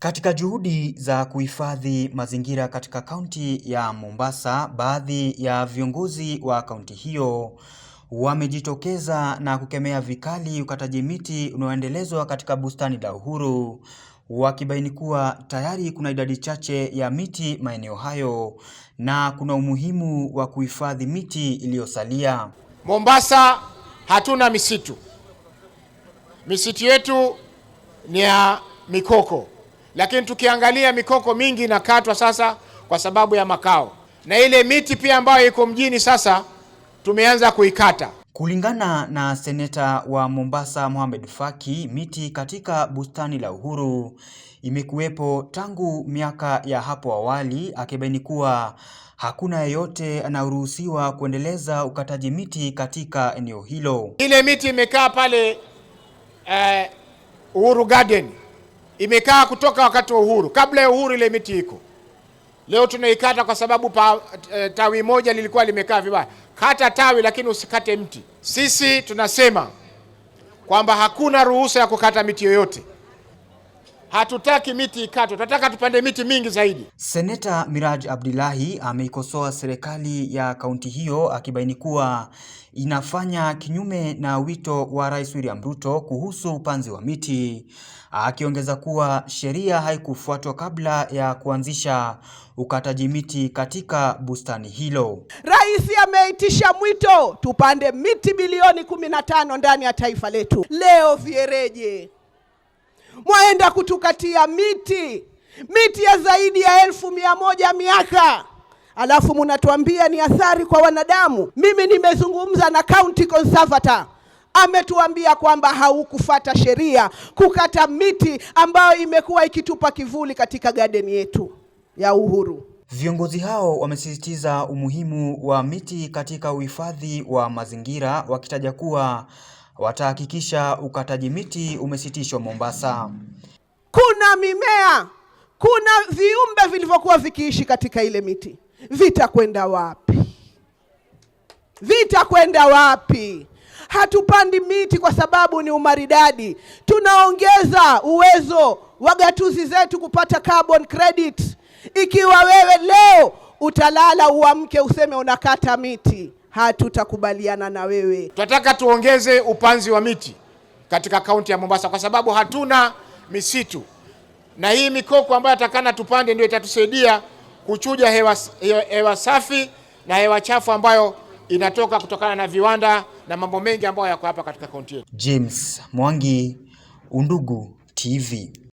Katika juhudi za kuhifadhi mazingira katika kaunti ya Mombasa, baadhi ya viongozi wa kaunti hiyo wamejitokeza na kukemea vikali ukataji miti unaoendelezwa katika bustani la Uhuru, wakibaini kuwa tayari kuna idadi chache ya miti maeneo hayo na kuna umuhimu wa kuhifadhi miti iliyosalia. Mombasa hatuna misitu. Misitu yetu ni ya mikoko. Lakini tukiangalia mikoko mingi inakatwa sasa kwa sababu ya makao, na ile miti pia ambayo iko mjini sasa tumeanza kuikata. Kulingana na seneta wa Mombasa Mohamed Faki, miti katika bustani la Uhuru imekuwepo tangu miaka ya hapo awali, akibaini kuwa hakuna yeyote anaruhusiwa kuendeleza ukataji miti katika eneo hilo. Ile miti imekaa pale eh, Uhuru Garden imekaa kutoka wakati wa uhuru. Kabla ya uhuru ile miti iko, leo tunaikata kwa sababu pa, eh, tawi moja lilikuwa limekaa vibaya. Kata tawi, lakini usikate mti. Sisi tunasema kwamba hakuna ruhusa ya kukata miti yoyote. Hatutaki miti ikatwe, tunataka tupande miti mingi zaidi. Seneta Miraj Abdullahi ameikosoa serikali ya kaunti hiyo akibaini kuwa inafanya kinyume na wito wa Rais William Ruto kuhusu upanzi wa miti, akiongeza kuwa sheria haikufuatwa kabla ya kuanzisha ukataji miti katika bustani hilo. Rais ameitisha mwito tupande miti bilioni 15 ndani ya taifa letu. Leo viereje mwaenda kutukatia miti miti ya zaidi ya elfu mia moja miaka alafu munatuambia ni athari kwa wanadamu. Mimi nimezungumza na county conservator, ametuambia kwamba haukufata sheria kukata miti ambayo imekuwa ikitupa kivuli katika gadeni yetu ya Uhuru. Viongozi hao wamesisitiza umuhimu wa miti katika uhifadhi wa mazingira wakitaja kuwa watahakikisha ukataji miti umesitishwa Mombasa. Kuna mimea, kuna viumbe vilivyokuwa vikiishi katika ile miti, vitakwenda wapi? Vitakwenda wapi? Hatupandi miti kwa sababu ni umaridadi, tunaongeza uwezo wa gatuzi zetu kupata carbon credit. Ikiwa wewe leo utalala uamke useme unakata miti hatutakubaliana na wewe. Tunataka tuongeze upanzi wa miti katika kaunti ya Mombasa kwa sababu hatuna misitu, na hii mikoko ambayo atakana tupande ndio itatusaidia kuchuja hewa, hewa, hewa safi na hewa chafu ambayo inatoka kutokana na viwanda na mambo mengi ambayo yako hapa katika kaunti yetu. James Mwangi, Undugu TV.